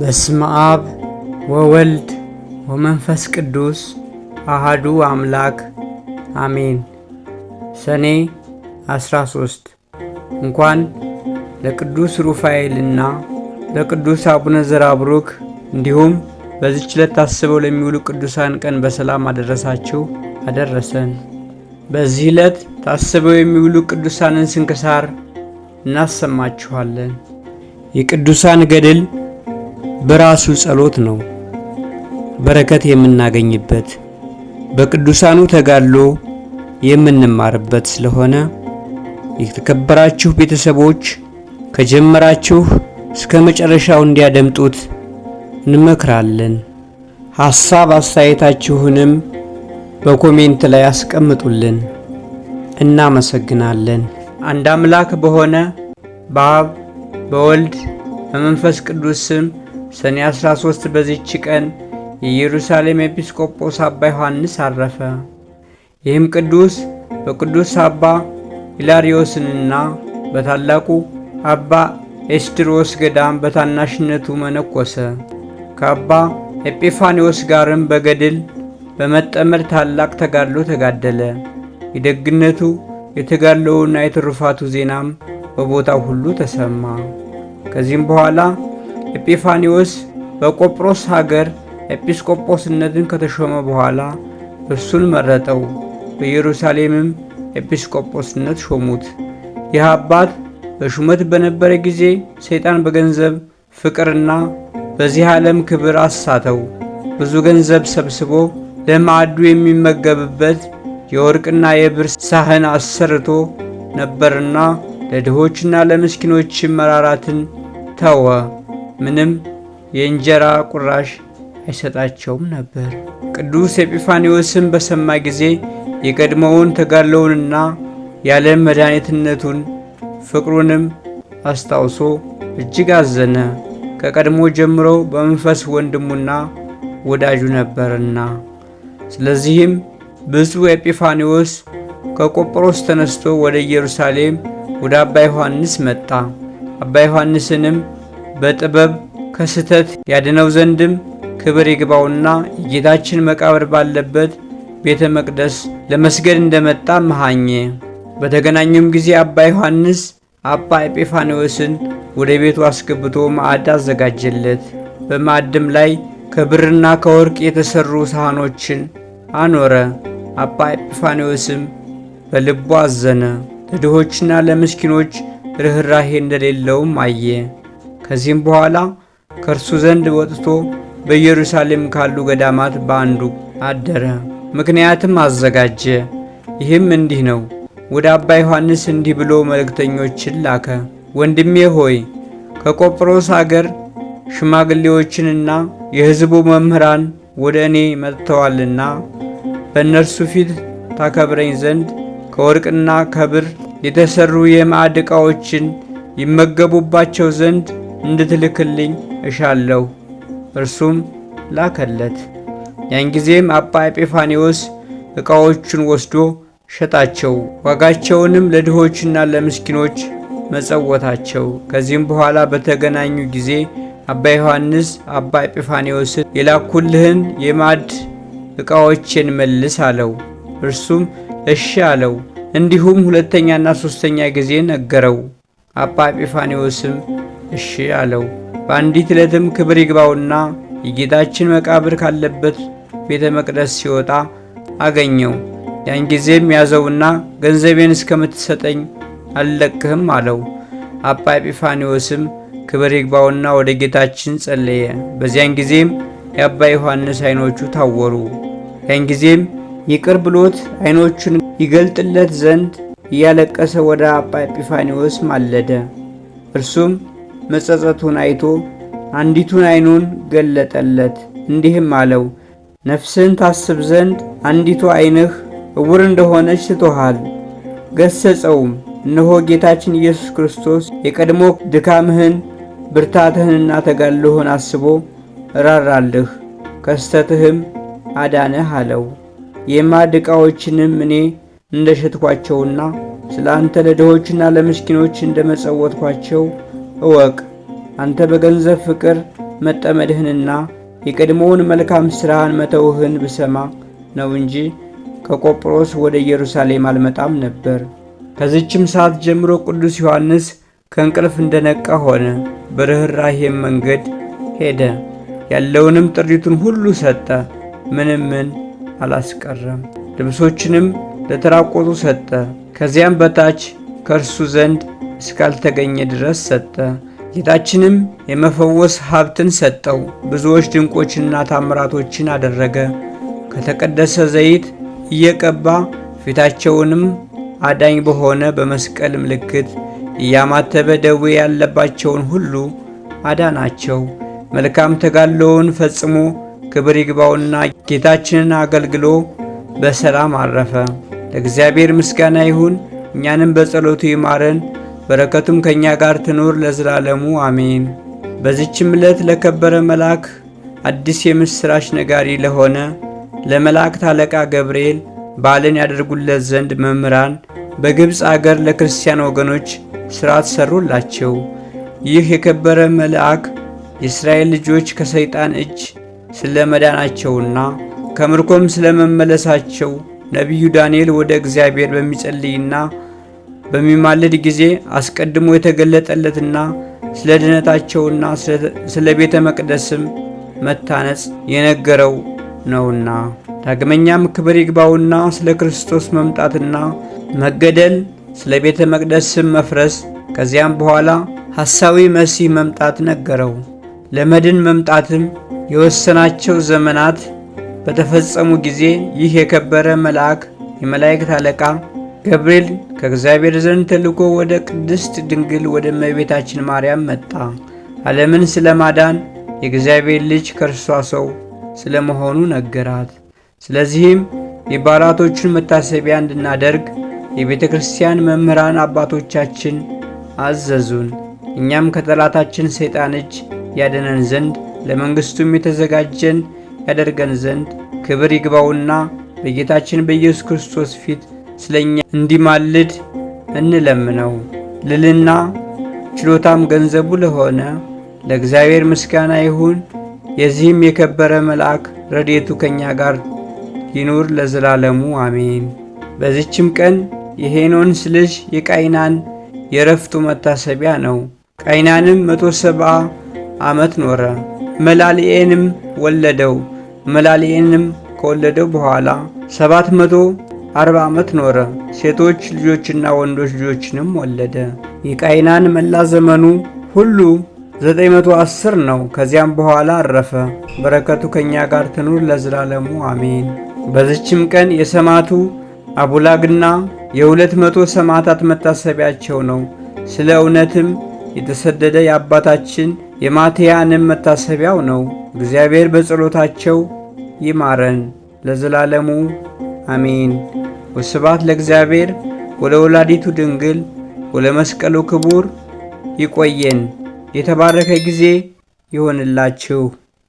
በስመ አብ ወወልድ ወመንፈስ ቅዱስ አሃዱ አምላክ አሜን። ሰኔ 13 እንኳን ለቅዱስ ሩፋኤልና ለቅዱስ አቡነ ዘራብሩክ እንዲሁም በዚች ዕለት ታስበው ለሚውሉ ቅዱሳን ቀን በሰላም አደረሳችሁ አደረሰን። በዚህ ዕለት ታስበው የሚውሉ ቅዱሳንን ስንክሳር እናሰማችኋለን። የቅዱሳን ገድል በራሱ ጸሎት ነው በረከት የምናገኝበት በቅዱሳኑ ተጋድሎ የምንማርበት ስለሆነ የተከበራችሁ ቤተሰቦች ከጀመራችሁ እስከ መጨረሻው እንዲያደምጡት እንመክራለን። ሐሳብ አስተያየታችሁንም በኮሜንት ላይ አስቀምጡልን። እናመሰግናለን። አንድ አምላክ በሆነ በአብ በወልድ በመንፈስ ቅዱስ ስም ሰኔ 13 በዚች ቀን የኢየሩሳሌም ኤጲስቆጶስ አባ ዮሐንስ አረፈ። ይህም ቅዱስ በቅዱስ አባ ኢላሪዮስንና በታላቁ አባ ኤስድሮስ ገዳም በታናሽነቱ መነኮሰ። ከአባ ኤጲፋኒዎስ ጋርም በገድል በመጠመድ ታላቅ ተጋድሎ ተጋደለ። የደግነቱ የተጋድሎውና የትሩፋቱ ዜናም በቦታው ሁሉ ተሰማ። ከዚህም በኋላ ኤጲፋኒዎስ በቆጵሮስ ሀገር ኤጲስቆጶስነትን ከተሾመ በኋላ እሱን መረጠው። በኢየሩሳሌምም ኤጲስቆጶስነት ሾሙት። ይህ አባት በሹመት በነበረ ጊዜ ሰይጣን በገንዘብ ፍቅርና በዚህ ዓለም ክብር አሳተው። ብዙ ገንዘብ ሰብስቦ ለማዕዱ የሚመገብበት የወርቅና የብር ሳህን አሰርቶ ነበርና ለድሆችና ለምስኪኖች መራራትን ተወ። ምንም የእንጀራ ቁራሽ አይሰጣቸውም ነበር። ቅዱስ ኤጲፋኒዎስም በሰማ ጊዜ የቀድሞውን ተጋድሎውንና የዓለም መድኃኒትነቱን ፍቅሩንም አስታውሶ እጅግ አዘነ። ከቀድሞ ጀምሮ በመንፈስ ወንድሙና ወዳጁ ነበርና። ስለዚህም ብፁዕ ኤጲፋኒዎስ ከቆጵሮስ ተነስቶ ወደ ኢየሩሳሌም ወደ አባ ዮሐንስ መጣ። አባ ዮሐንስንም በጥበብ ከስህተት ያድነው ዘንድም ክብር ይግባውና የጌታችን መቃብር ባለበት ቤተ መቅደስ ለመስገድ እንደመጣ መሃኘ። በተገናኙም ጊዜ አባ ዮሐንስ አባ ኤጲፋንዮስን ወደ ቤቱ አስገብቶ ማዕድ አዘጋጀለት። በማዕድም ላይ ከብርና ከወርቅ የተሰሩ ሳህኖችን አኖረ። አባ ኤጲፋንዮስም በልቡ አዘነ። ለድሆችና ለምስኪኖች ርኅራሄ እንደሌለውም አየ። ከዚህም በኋላ ከእርሱ ዘንድ ወጥቶ በኢየሩሳሌም ካሉ ገዳማት በአንዱ አደረ፣ ምክንያትም አዘጋጀ። ይህም እንዲህ ነው። ወደ አባ ዮሐንስ እንዲህ ብሎ መልእክተኞችን ላከ። ወንድሜ ሆይ ከቆጵሮስ አገር ሽማግሌዎችንና የሕዝቡ መምህራን ወደ እኔ መጥተዋልና በእነርሱ ፊት ታከብረኝ ዘንድ ከወርቅና ከብር የተሰሩ የማዕድ ዕቃዎችን ይመገቡባቸው ዘንድ እንድትልክልኝ እሻለሁ። እርሱም ላከለት። ያን ጊዜም አባ ኤጲፋኒዎስ ዕቃዎቹን ወስዶ ሸጣቸው፣ ዋጋቸውንም ለድሆችና ለምስኪኖች መጸወታቸው። ከዚህም በኋላ በተገናኙ ጊዜ አባ ዮሐንስ አባ ኤጲፋኒዎስን የላኩልህን የማድ ዕቃዎቼን መልስ አለው። እርሱም እሺ አለው። እንዲሁም ሁለተኛና ሦስተኛ ጊዜ ነገረው። አባ ኤጲፋኒዎስም እሺ አለው። በአንዲት ዕለትም ክብር ይግባውና የጌታችን መቃብር ካለበት ቤተ መቅደስ ሲወጣ አገኘው። ያን ጊዜም ያዘውና ገንዘቤን እስከምትሰጠኝ አልለቅህም አለው። አባ ኤጲፋኒዎስም ክብር ይግባውና ወደ ጌታችን ጸለየ። በዚያን ጊዜም የአባ ዮሐንስ ዓይኖቹ ታወሩ። ያን ጊዜም ይቅር ብሎት ዓይኖቹን ይገልጥለት ዘንድ እያለቀሰ ወደ አባ ኤጲፋኒዎስ ማለደ። እርሱም መጸጸቱን አይቶ አንዲቱን ዓይኑን ገለጠለት፣ እንዲህም አለው ነፍስን ታስብ ዘንድ አንዲቱ ዓይንህ እውር እንደሆነች ስቶሃል። ገሰጸውም፣ እነሆ ጌታችን ኢየሱስ ክርስቶስ የቀድሞ ድካምህን ብርታትህንና ተጋድሎህን አስቦ እራራልህ፣ ከስተትህም አዳነህ አለው። የማድቃዎችንም እኔ እንደሸትኳቸውና ስለ አንተ ለድሆችና ለምስኪኖች እንደመጸወትኳቸው እወቅ። አንተ በገንዘብ ፍቅር መጠመድህንና የቀድሞውን መልካም ሥራህን መተውህን ብሰማ ነው እንጂ ከቆጵሮስ ወደ ኢየሩሳሌም አልመጣም ነበር። ከዚችም ሰዓት ጀምሮ ቅዱስ ዮሐንስ ከእንቅልፍ እንደነቃ ሆነ። በርኅራሄም መንገድ ሄደ። ያለውንም ጥሪቱን ሁሉ ሰጠ። ምንም ምን አላስቀረም። ልብሶችንም ለተራቆቱ ሰጠ። ከዚያም በታች ከእርሱ ዘንድ እስካልተገኘ ድረስ ሰጠ። ጌታችንም የመፈወስ ሀብትን ሰጠው። ብዙዎች ድንቆችና ታምራቶችን አደረገ። ከተቀደሰ ዘይት እየቀባ ፊታቸውንም አዳኝ በሆነ በመስቀል ምልክት እያማተበ ደዌ ያለባቸውን ሁሉ አዳናቸው። መልካም ተጋድሎውን ፈጽሞ ክብር ይግባውና ጌታችንን አገልግሎ በሰላም አረፈ። ለእግዚአብሔር ምስጋና ይሁን፣ እኛንም በጸሎቱ ይማረን በረከቱም ከእኛ ጋር ትኑር ለዘላለሙ አሜን። በዚችም ዕለት ለከበረ መልአክ አዲስ የምሥራች ነጋሪ ለሆነ ለመላእክት አለቃ ገብርኤል በዓልን ያደርጉለት ዘንድ መምህራን በግብፅ አገር ለክርስቲያን ወገኖች ሥርዓት ሰሩላቸው። ይህ የከበረ መልአክ የእስራኤል ልጆች ከሰይጣን እጅ ስለ መዳናቸውና ከምርኮም ስለ መመለሳቸው ነቢዩ ዳንኤል ወደ እግዚአብሔር በሚጸልይና በሚማልድ ጊዜ አስቀድሞ የተገለጠለትና ስለ ድነታቸውና ስለ ቤተ መቅደስም መታነጽ የነገረው ነውና። ዳግመኛም ክብር ይግባውና ስለ ክርስቶስ መምጣትና መገደል፣ ስለ ቤተ መቅደስም መፍረስ፣ ከዚያም በኋላ ሐሳዊ መሲህ መምጣት ነገረው። ለመድን መምጣትም የወሰናቸው ዘመናት በተፈጸሙ ጊዜ ይህ የከበረ መልአክ የመላእክት አለቃ ገብርኤል ከእግዚአብሔር ዘንድ ተልኮ ወደ ቅድስት ድንግል ወደ እመቤታችን ማርያም መጣ። ዓለምን ስለ ማዳን የእግዚአብሔር ልጅ ከእርሷ ሰው ስለ መሆኑ ነገራት። ስለዚህም የበዓላቶቹን መታሰቢያ እንድናደርግ የቤተ ክርስቲያን መምህራን አባቶቻችን አዘዙን። እኛም ከጠላታችን ሰይጣን እጅ ያደነን ዘንድ ለመንግሥቱም የተዘጋጀን ያደርገን ዘንድ ክብር ይግባውና በጌታችን በኢየሱስ ክርስቶስ ፊት ስለኛ እንዲማልድ እንለምነው። ልልና ችሎታም ገንዘቡ ለሆነ ለእግዚአብሔር ምስጋና ይሁን። የዚህም የከበረ መልአክ ረድኤቱ ከእኛ ጋር ይኑር ለዘላለሙ አሜን። በዚችም ቀን የሄኖንስ ልጅ የቃይናን የረፍቱ መታሰቢያ ነው። ቃይናንም መቶ ሰብዓ ዓመት ኖረ፣ መላልኤንም ወለደው። መላልኤንም ከወለደው በኋላ ሰባት መቶ አርባ ዓመት ኖረ። ሴቶች ልጆችና ወንዶች ልጆችንም ወለደ። የቃይናን መላ ዘመኑ ሁሉ 910 ነው። ከዚያም በኋላ አረፈ። በረከቱ ከእኛ ጋር ትኑር ለዘላለሙ አሜን። በዚችም ቀን የሰማዕቱ አቡላግና የሁለት መቶ ሰማዕታት መታሰቢያቸው ነው። ስለ እውነትም የተሰደደ የአባታችን የማቴያንም መታሰቢያው ነው። እግዚአብሔር በጸሎታቸው ይማረን ለዘላለሙ አሜን። ወስባት ለእግዚአብሔር ወለወላዲቱ ድንግል ወለመስቀሉ ክቡር። ይቆየን። የተባረከ ጊዜ ይሆንላችሁ።